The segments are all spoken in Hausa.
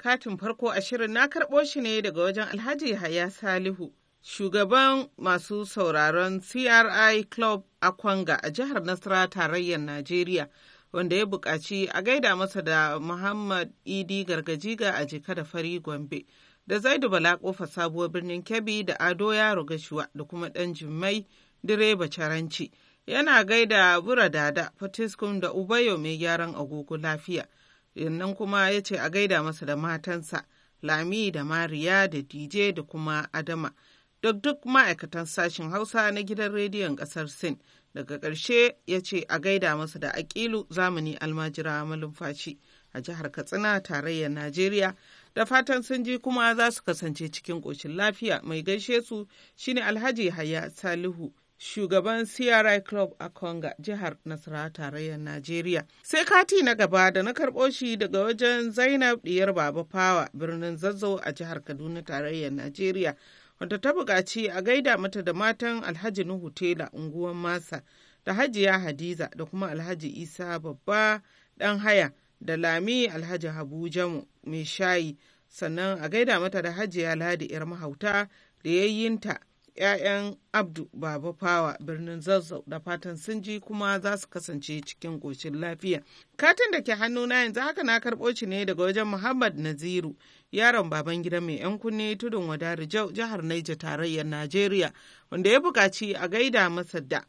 Katin farko ashirin na karɓo shi ne daga wajen Alhaji Yahaya Salihu, shugaban masu sauraron CRI Club a Kwanga a jihar Nasara tarayyar Najeriya, wanda ya buƙaci a gaida masa da Muhammad Idi Gargajiga a jika da Fari Gombe, da Zaidu Bala kofa sabuwar birnin Kebbi da Ado Yaro Gashuwa da kuma Dan Jummai direba Caranci. Yana gaida Bura Dada, Fatiskun da Ubayo mai gyaran agogo lafiya. Yannan kuma ya ce a gaida masa da matansa, Lami da Mariya da DJ da kuma Adama. Duk duk ma'aikatan sashen Hausa na gidan rediyon kasar Sin. Daga ƙarshe ya ce a gaida masa da aƙilu zamani almajira malumfashi a jihar Katsina tarayyar Najeriya. Da fatan sun ji kuma za su kasance cikin ƙoshin lafiya mai gaishe su shine Alhaji Hayya Salihu shugaban CRI Club a Konga, jihar Nasarawa tarayyar Najeriya. Sai kati na gaba da na karɓo shi daga wajen Zainab Diyar Baba Fawa birnin Zazzau a jihar Kaduna tarayyar Najeriya. Wanda ta buƙaci a gaida mata da matan Alhaji Nuhu Tela unguwan Masa da Hajiya Hadiza da kuma Alhaji Isa Babba ɗan haya da Lami Alhaji Habu Jamu mai shayi sannan a gaida mata da Hajiya Ladi 'yar mahauta da yayyinta 'ya'yan abdu baba fawa birnin zazzau da fatan sun ji kuma za su kasance cikin ƙoshin lafiya katin da ke na yanzu haka na karɓo shi ne daga wajen muhammad naziru yaron baban gida mai 'yan kunne tudun wadari jihar naija tarayyar najeriya wanda ya buƙaci a gaida masa da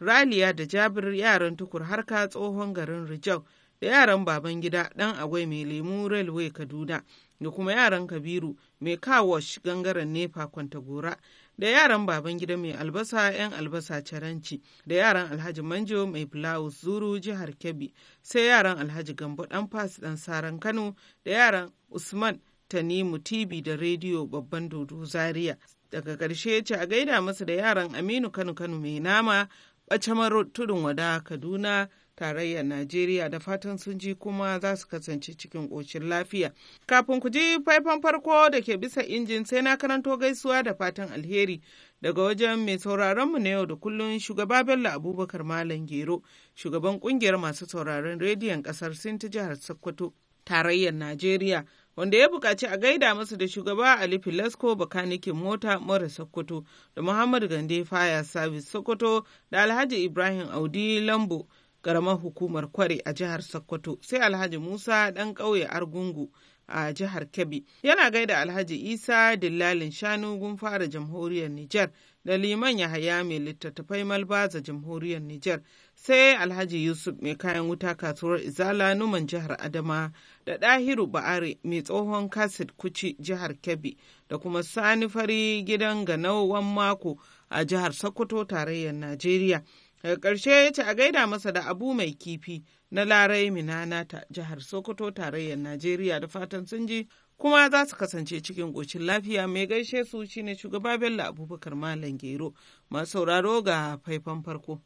raliya da jabir yaran tukur harka tsohon garin rijau da yaran baban gida ɗan agwai mai lemu railway kaduna da kuma yaran kabiru mai kawash gangaren nefa kwantagora da yaran baban gida mai albasa 'yan albasa caranci da yaran alhaji manjo mai blouse zuru jihar kebbi sai yaran alhaji gambo dan fas dan saran kano da yaran usman tanimu tv da rediyo babban dodo zaria daga ƙarshe ce a gaida masa da yaran aminu kano kano mai nama bacamaro tudun wada kaduna tarayyar Najeriya da fatan sun ji kuma za su kasance cikin ƙoshin lafiya. Kafin ku ji faifan farko da ke bisa injin sai na karanto gaisuwa da fatan alheri daga wajen mai sauraronmu na yau da kullun shugaba Bello Abubakar Malam Gero, shugaban kungiyar masu sauraron rediyon ƙasar ta jihar Sokoto, tarayyar Najeriya. wanda ya buƙaci a gaida masa da shugaba Ali Filasko bakanikin mota mara Sokoto da Muhammadu Gande Fire Service Sokoto da Alhaji Ibrahim Audi Lambo karamar hukumar kware a jihar sokoto sai alhaji musa ɗan kauye argungu a jihar kebbi yana gaida alhaji isa dillalin shanu gunfara jamhuriyar nijar da liman yahaya mai littattafai malbaza jamhuriyar nijar sai alhaji yusuf mai kayan wuta kasuwar izala numan jihar adama da Dahiru ba'are mai tsohon kasid kuci jihar kebbi da kuma sani fari gidan ganawan mako a jihar sokoto tarayyar najeriya daga ƙarshe ya ce a gaida masa da abu mai kifi na larai minana ta jihar sokoto tarayyar najeriya da fatan sun ji kuma za su kasance cikin ƙoshin lafiya mai gaishe su shine shugaba bello abubakar malam gero masu sauraro ga faifan farko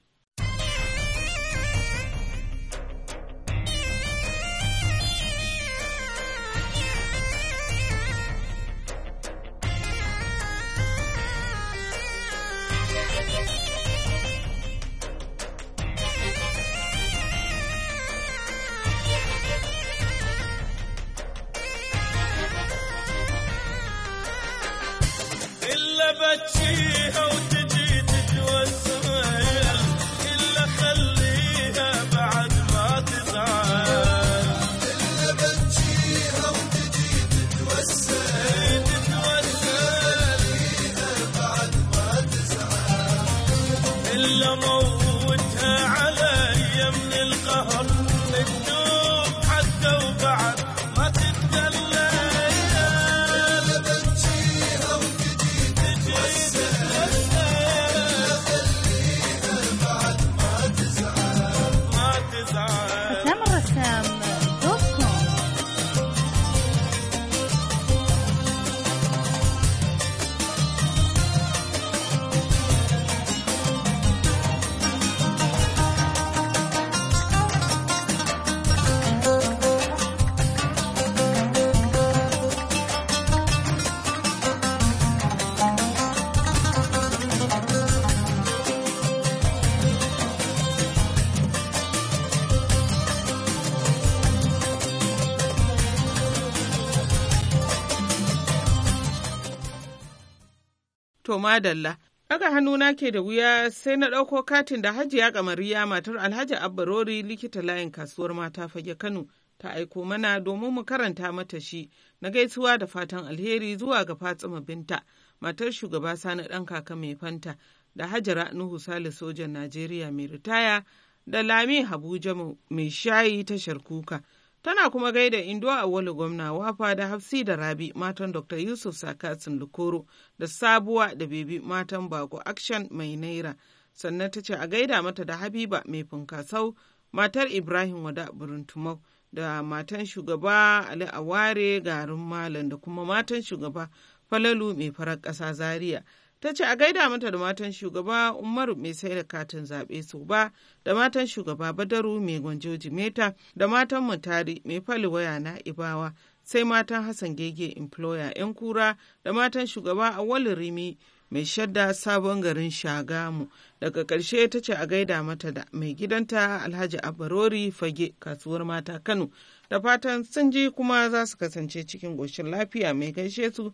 to madalla. Daga hannuna ke da wuya sai na ɗauko katin da hajiya kamariya matar Alhaji Abbarori likita layin kasuwar mata fage Kano ta aiko mana domin mu karanta mata shi na gaisuwa da fatan alheri zuwa ga Fatsima Binta matar shugaba Sani ɗan kaka mai fanta da Hajara Nuhu Sale sojan Najeriya mai ritaya da Lami Habu Jamu mai shayi tashar kuka. Tana kuma gaida Indo Awolu gwamna wafa da Hafsi da Rabi matan Dr. Yusuf Sakasin Lukoro da Sabuwa da Bebi matan Bago Action mai Naira. Sannan ta ce a gaida mata da Habiba mai funkasau matar Ibrahim Wada Buruntumau da matan shugaba Ali Aware garin Malam da kuma matan shugaba Falalu mai farar ƙasa Zaria ta ce a gaida mata da matan shugaba umaru mai sai da katin zaɓe su ba da matan shugaba badaru mai gwanjoji meta da matan mutari mai fali waya na ibawa sai matan hassan gege employer yan kura da matan shugaba awali rimi mai shadda sabon garin shagamu daga karshe ta ce a gaida mata da mai gidanta alhaji abarori fage kasuwar mata kano da fatan sun ji kuma za su kasance cikin goshin lafiya mai gaishe su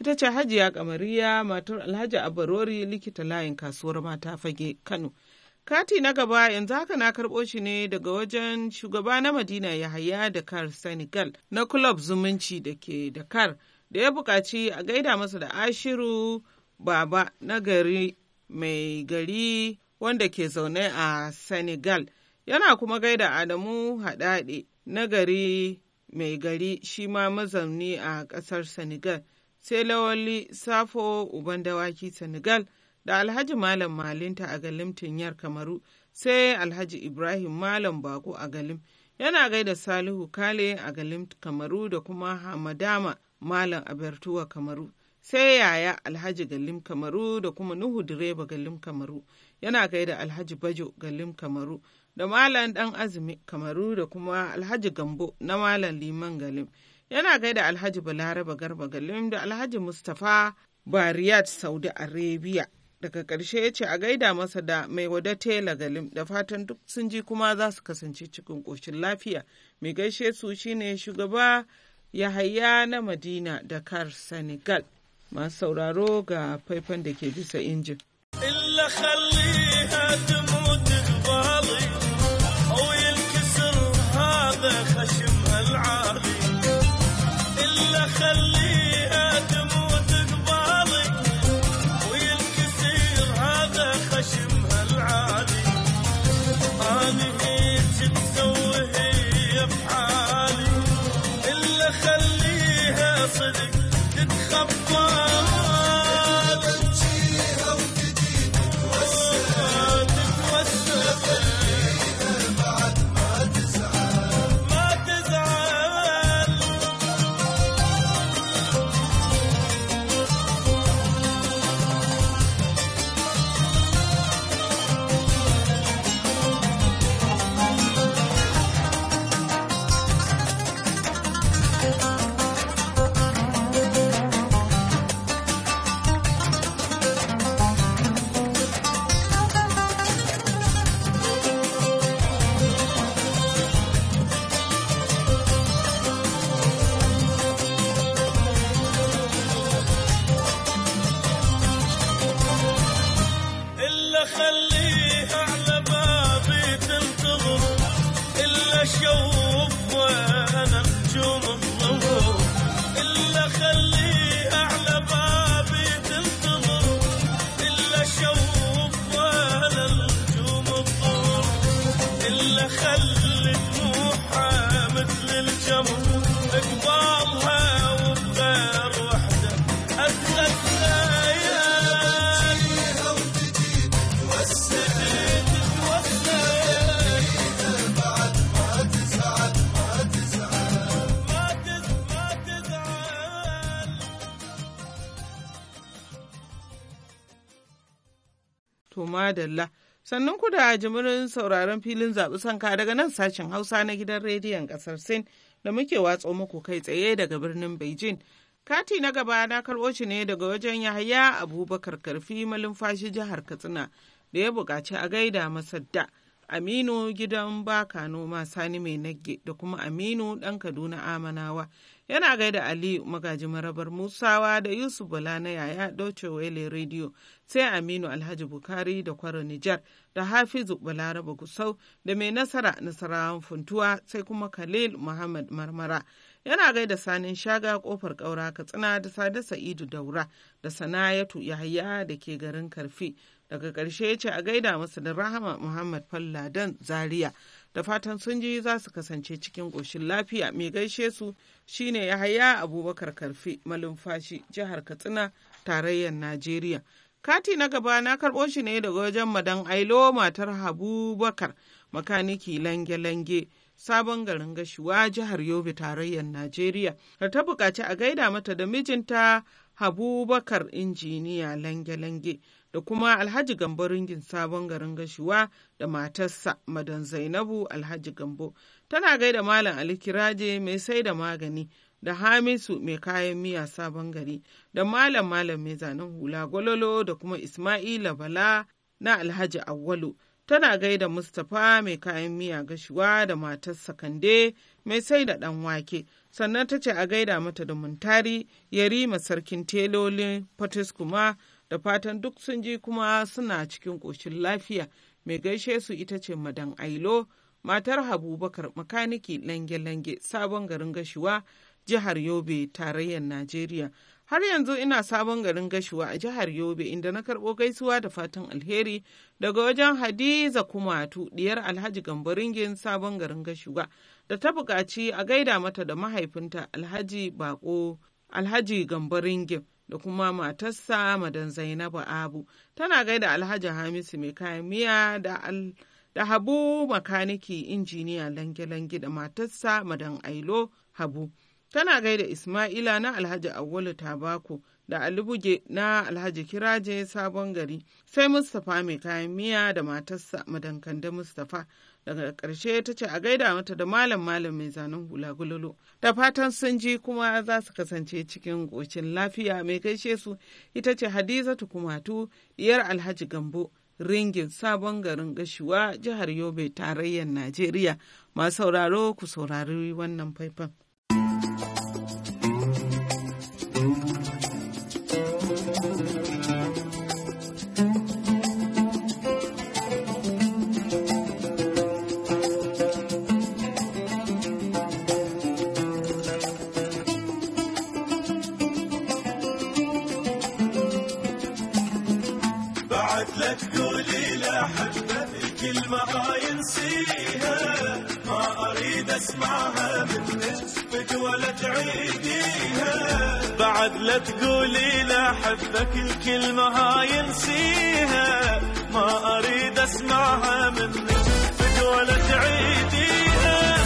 ita ce hajiya kamariya matar alhaji abarori likita layin kasuwar mata fage kano kati na gaba yanzu haka na karɓo shi ne daga wajen shugaba na madina yahaya dakar senegal na kulob zumunci da ke dakar da ya buƙaci a gaida masa da ashiru baba na gari mai gari wanda ke zaune a senegal yana kuma gaida adamu haɗaɗe na gari mai gari shi ma mazauni a ƙasar senegal sai lawali safo uban dawaki senegal da alhaji malam malinta a galim tinyar kamaru sai alhaji ibrahim malam bako a galim yana gaida salihu kale a galim kamaru da kuma hamadama malam abertuwa kamaru sai yaya alhaji galim kamaru da kuma nuhu direba galim kamaru yana gaida alhaji bajo galim kamaru da malam dan azumi kamaru da kuma alhaji gambo na malam liman galim yana gaida alhaji balaraba garba galim da alhaji mustapha bariyat saudi arabia daga ƙarshe ya ce a gaida masa da mai wada tela galim da fatan duk sun ji kuma za su kasance cikin ƙoshin lafiya mai gaishe su shine shugaba yahaya na madina kar senegal masu sauraro ga faifan da ke bisa injin. Thank you. madalla. Sannan ku da jimirin sauraron filin zaɓi sanka daga nan sashen Hausa na gidan rediyon ƙasar Sin da muke watso muku kai tsaye daga birnin Beijing. Kati na gaba na karɓo shi ne daga wajen Yahaya Abubakar Karfi malumfashi jihar Katsina da ya buƙaci a gaida masadda. Aminu gidan baka noma sani mai nagge da kuma Aminu ɗan Kaduna Amanawa yana gaida aliyu magaji marabar musawa da yusuf bala na yaya doce wele rediyo sai aminu alhaji bukari da kwaro nijar da hafizu Bala, raba gusau da mai nasara nasarawan funtuwa sai kuma khalil muhammad marmara yana gaida sanin shaga kofar Kaura, katsina da sada sa'idu daura da sana'atu yahaya da ke garin karfi daga ƙarshe ya ce a gaida masa da rahama muhammad falladan zaria da fatan sun ji za su kasance cikin ƙoshin lafiya mai gaishe su shine yahaya abubakar karfe malumfashi jihar katsina tarayyar najeriya kati na gaba na karɓo shi ne daga wajen madan ailo matar habubakar makaniki lange-lange sabon garin gashiwa jihar yobe tarayyar najeriya da ta buƙaci a gaida mata da mijinta habubakar injiniya lange-lange da kuma Alhaji Gambo ringin sabon garin gashiwa da matarsa Madan Zainabu Alhaji Gambo. Tana gaida Malam Ali Kiraje mai sai da magani da Hamisu mai kayan miya sabon gari da Malam Malam mai zanen hula gwalolo da kuma Ismaila Bala na Alhaji Awwalu. Tana gaida Mustapha mai kayan miya gashiwa da matarsa Kande mai sai da ɗan wake. Sannan ta ce a gaida mata da Muntari, Yarima Sarkin Telolin Fatis kuma da fatan duk sun ji kuma suna cikin ƙoshin lafiya mai gaishe su ita ce madan ailo matar habubakar makaniki lange-lange sabon garin gashuwa jihar yobe tarayyar najeriya har yanzu ina sabon garin gashuwa a jihar yobe inda na karɓo gaisuwa da fatan alheri daga wajen hadiza kumatu diyar alhaji gambaringin sabon garin gashuwa da ta Bukaci, a gaida mata da mahaifinta alhaji bako alhaji gambaringin da kuma matarsa madan Zainabu Abu tana gaida Alhaji Hamisu mai kayan miya da al da Habu makaniki injiniya lange-lange da matarsa madan Ailo Habu. Tana gaida Ismaila na Alhaji Awwalu Tabako da Alibuge na Alhaji Kiraje Sabon Gari sai Mustapha mai kayan miya da matarsa madan Kande Mustapha daga ƙarshe ta ce a gaida mata da malam malam mai zanen hula gululu ta fatan sun ji kuma za su kasance cikin gocin lafiya mai gaishe su ita ce hadizatu kumatu diyar alhaji gambo ringin sabon garin gashiwa jihar yobe tarayyar najeriya masu sauraro ku saurari wannan faifan. لا تقولي لا حبك الكلمة هاي ينسيها ما أريد أسمعها من نفسك ولا تعيديها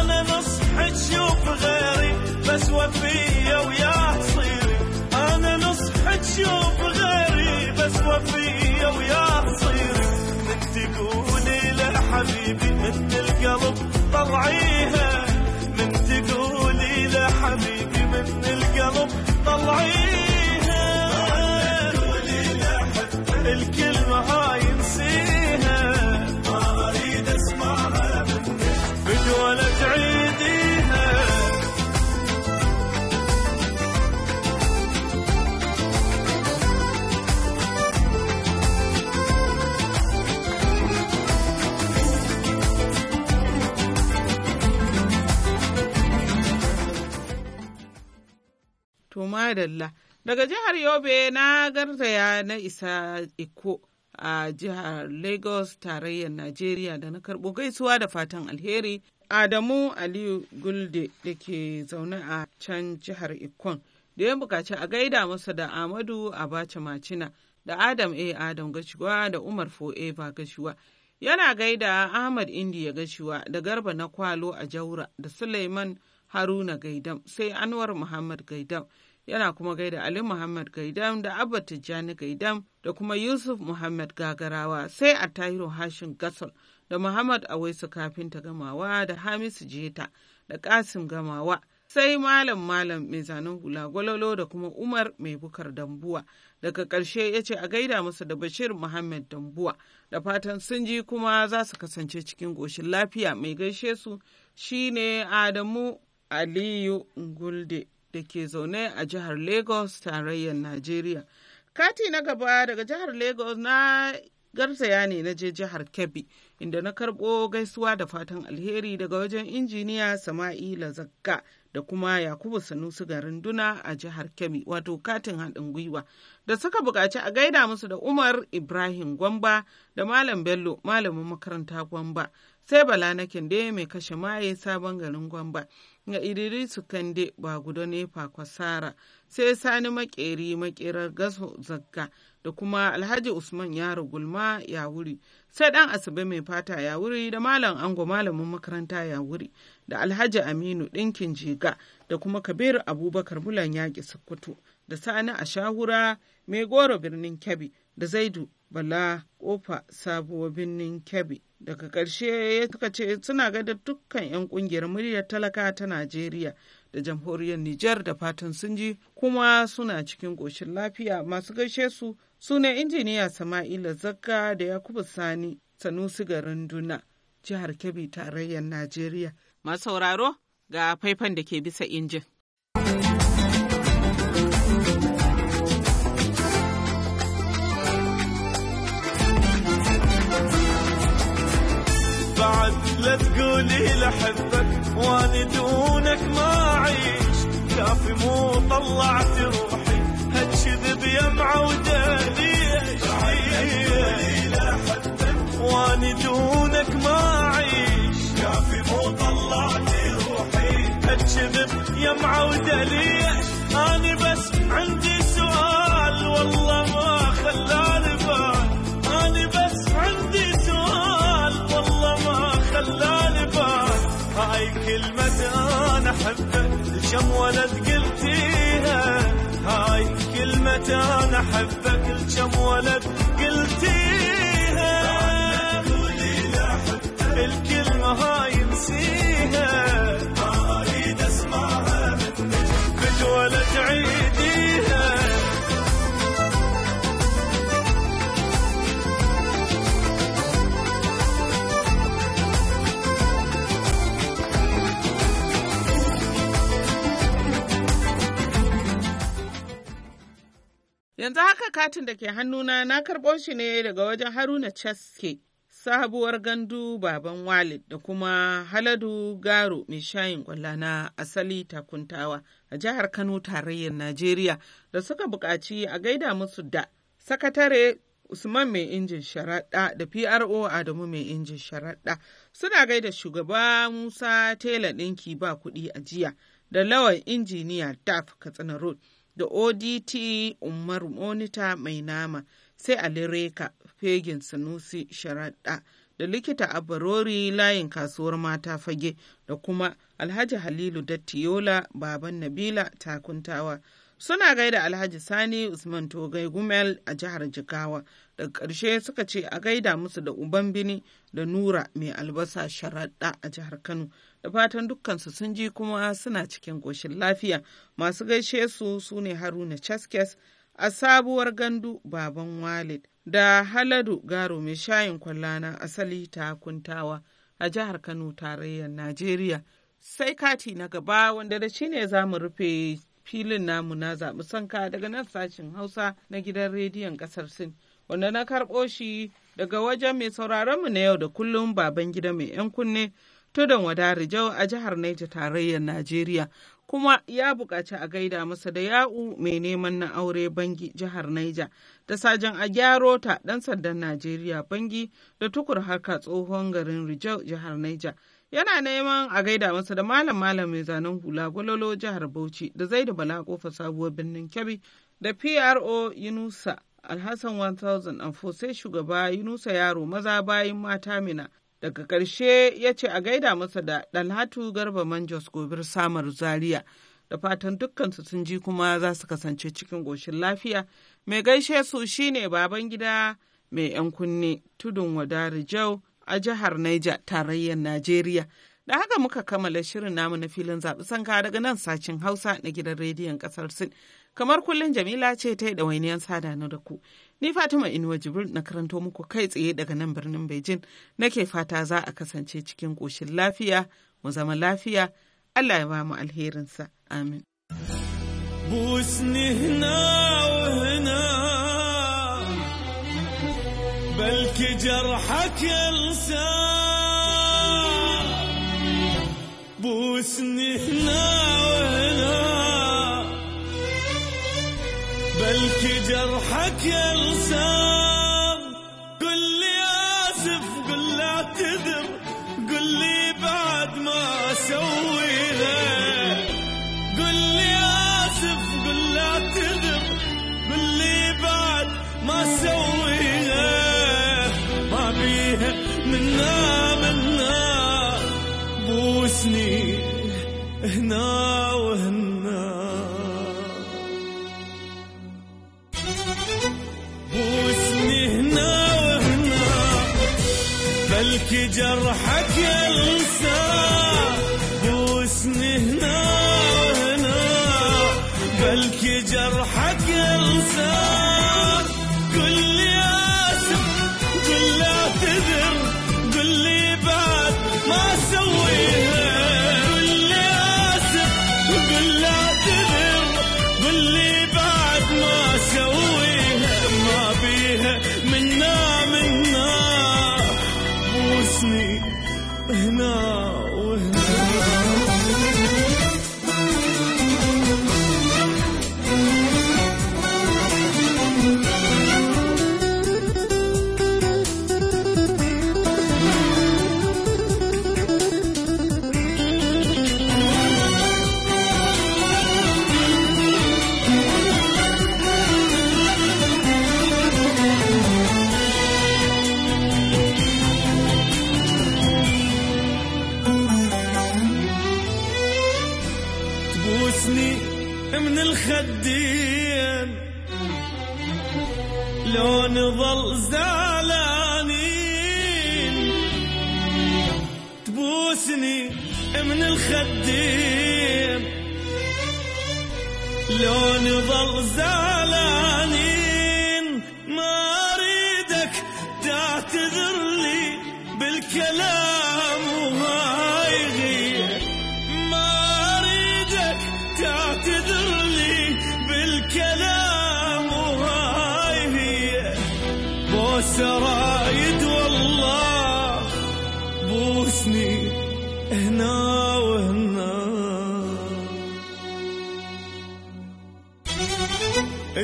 أنا نصحك شوف غيري بس وفية وياه صيري أنا نصحك شوف غيري بس وفية وياه صيري انك تقولي حبيبي مثل القلب طلعيها من تقولي لحبيبي مثل القلب طلعي To Daga jihar Yobe na garzaya na isa Iko a jihar Lagos tarayyar Najeriya da na karɓo gaisuwa da fatan alheri Adamu Aliyu Gulde da ke zaune a can jihar Ikon da ya bukaci a gaida masa da Amadu Abacha Macina da Adam A. Adam gashiwa da Umar Fo'eva gashiwa, Yana gaida Ahmad Indiya gashiwa da Garba na Kwalo a Jaura da Suleiman Haruna Gaidam sai Anwar Muhammad Gaidam yana kuma gaida Ali Muhammad Gaidam da Abba Tijjani Gaidam da kuma Yusuf Muhammad Gagarawa sai a Tahiru Hashin Gasol da Muhammad Awaisu Kafinta Gamawa da Hamisu Jeta da Kasim Gamawa sai Malam Malam mai zanen hula gwalolo da kuma Umar mai bukar dambuwa daga ƙarshe ya ce a gaida masa da Bashir Muhammad dambuwa da fatan sun ji kuma za su kasance cikin goshin lafiya mai gaishe su shine Adamu Aliyu Ngulde. da ke zaune a jihar Lagos tarayyar Najeriya. Kati na gaba daga jihar Lagos na garzaya ne na je jihar Kebbi inda na karbo gaisuwa da fatan alheri daga wajen injiniya Sama'ila Zakka da kuma Yakubu Sanusi garin Duna a jihar Kebbi wato katin haɗin gwiwa da suka buƙaci a gaida musu da Umar Ibrahim Gwamba da Malam Bello malamin makaranta Gwamba sai bala na kende mai kashe maye sabon garin gwamba ga su kande ba guda nefa kwasara sai sani makeri makerar gaso zagga da kuma alhaji usman yaro gulma ya wuri sai dan asabe mai fata ya wuri da malam ango malamin makaranta ya wuri da alhaji aminu ɗinkin jiga da kuma kabiru abubakar bulan yaƙi sukutu da sani a shahura mai goro birnin kebbi da zaidu bala kofa sabuwar birnin kebbi daga ƙarshe ya suka ce suna gada dukkan 'yan ƙungiyar muryar talaka ta najeriya da jamhuriyar nijar da fatan sun ji kuma suna cikin ƙoshin lafiya masu gaishe su sunan injiniya sama'ila zakka da yakubu sani sanusi garin duna jihar kebbi tarayyar najeriya masu sauraro ga faifan da ke bisa injin لا تقولي لحبك وانا دونك ما اعيش كافي مو طلعت روحي هالكذب يمع ودليش وانا دونك ما اعيش كافي مو طلعت روحي هالكذب يمع ليش انا بس عندي سؤال والله ما خلاه ترى انا احبك الكم ولد Yanzu haka katin da ke hannuna na karɓo shi ne daga wajen Haruna Chaske, sabuwar gandu baban Walid da kuma Haladu Garo mai shayin kwalla na asali takuntawa a jihar Kano tarayyar Najeriya da suka buƙaci a gaida musu da sakatare Usman mai injin sharaɗa da PRO Adamu mai injin sharaɗa suna gaida shugaba Musa Tela ɗinki ba kuɗi a jiya da lawan injiniya Daf Katsina Road. da odt umar monita mai nama sai alireka fegin sanusi sharaɗa da likita a barori layin kasuwar mata fage da kuma alhaji halilu dattiyola baban nabila takuntawa Suna gaida Alhaji Sani Usman Togai Gumel a jihar Jigawa. Daga ƙarshe suka ce a gaida musu da Uban Bini da Nura mai albasa sharaɗa a jihar Kano. Da fatan dukkansu sun ji kuma suna cikin ƙoshin lafiya. Masu gaishe su su ne Haruna Chaskes a sabuwar gandu Baban Walid da Haladu Garo mai shayin kwallana asali ta kuntawa a jihar Kano tarayyar Najeriya. Sai kati na gaba wanda da shi ne za mu rufe filin namu na zaɓi sanka daga nan sashin Hausa na gidan rediyon ƙasar Sin, wanda na karɓo shi daga wajen mai sauraronmu na yau da kullum baban gida mai 'yan kunne tudun wada Rijau a jihar Naija tarayyar Najeriya. Kuma ya buƙaci a gaida masa da ya'u mai neman na aure bangi jihar Naija da sajan a gyaro ta ɗan sandan Najeriya bangi da tukur haka tsohon garin Rijau jihar Naija. yana neman a gaida masa da malam malam mai zanen hula gwalolo jihar bauchi da zai da bala kofa sabuwar birnin kebbi da pro yunusa alhassan 1000 and sai shugaba yunusa yaro maza bayan mata mina daga ƙarshe ya ce a gaida masa da dalhatu garba manjos gobir samar zaria da fatan dukkansu sun ji kuma za su kasance cikin goshin lafiya mai gaishe su shine baban gida mai yan kunne tudun wadari jau a jihar Niger tarayyar Najeriya. Da haka muka kammala shirin namu na filin zaɓi sanka daga nan sashen Hausa na gidan rediyon ƙasar Sin. Kamar kullum Jamila ce ta yi ɗawainiyar sada na da ku. Ni Fatima Inuwa Jibril na karanto muku kai tsaye daga nan birnin Beijing nake fata za a kasance cikin ƙoshin lafiya, mu zama lafiya, Allah ya ba mu alherinsa. Amin. جرحك انسان بوسني هنا وهنا بلك جرحك انسان خلك جرحك ينساه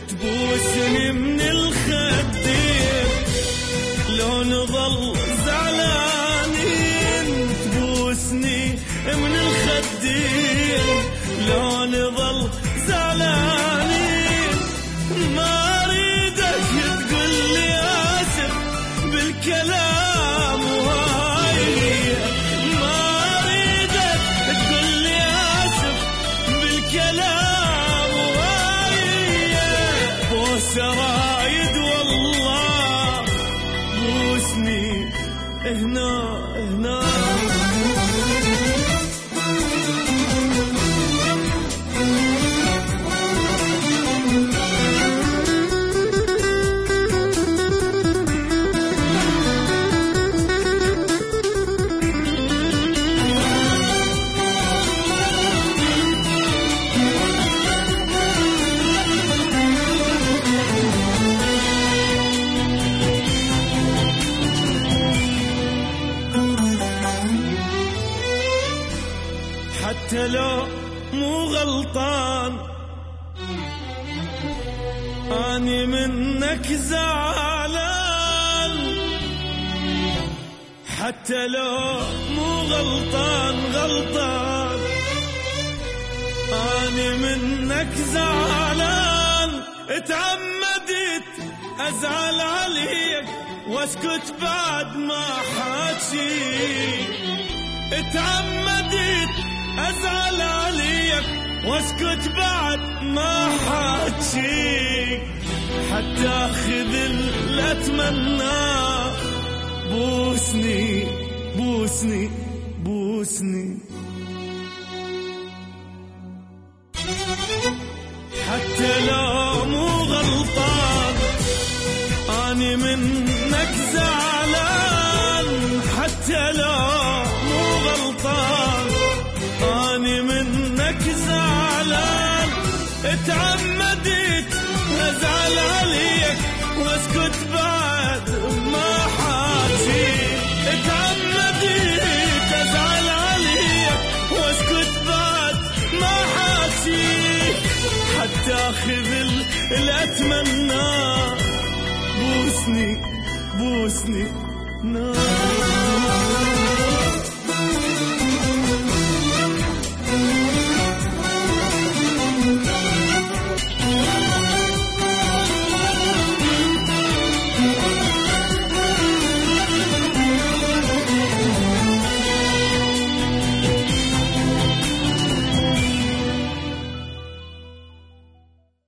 تبوسني من الخدين لو نظل زعلانين تبوسني من الخدين لو وايد والله بوسني هناك منك زعلان حتى لو مو غلطان غلطان أنا منك زعلان اتعمدت أزعل عليك واسكت بعد ما حاكي اتعمدت أزعل عليك واسكت بعد ما حاجيك حتى اخذ اللي اتمناه بوسني بوسني بوسني حتى لو مو غلطان اني منك زعلان حتى لو مو غلطان لك زعلان اتعمدت ازعل عليك واسكت بعد ما حاجي اتعمدت ازعل عليك واسكت بعد ما حاجي حتى خذل الاتمنى بوسني بوسني نار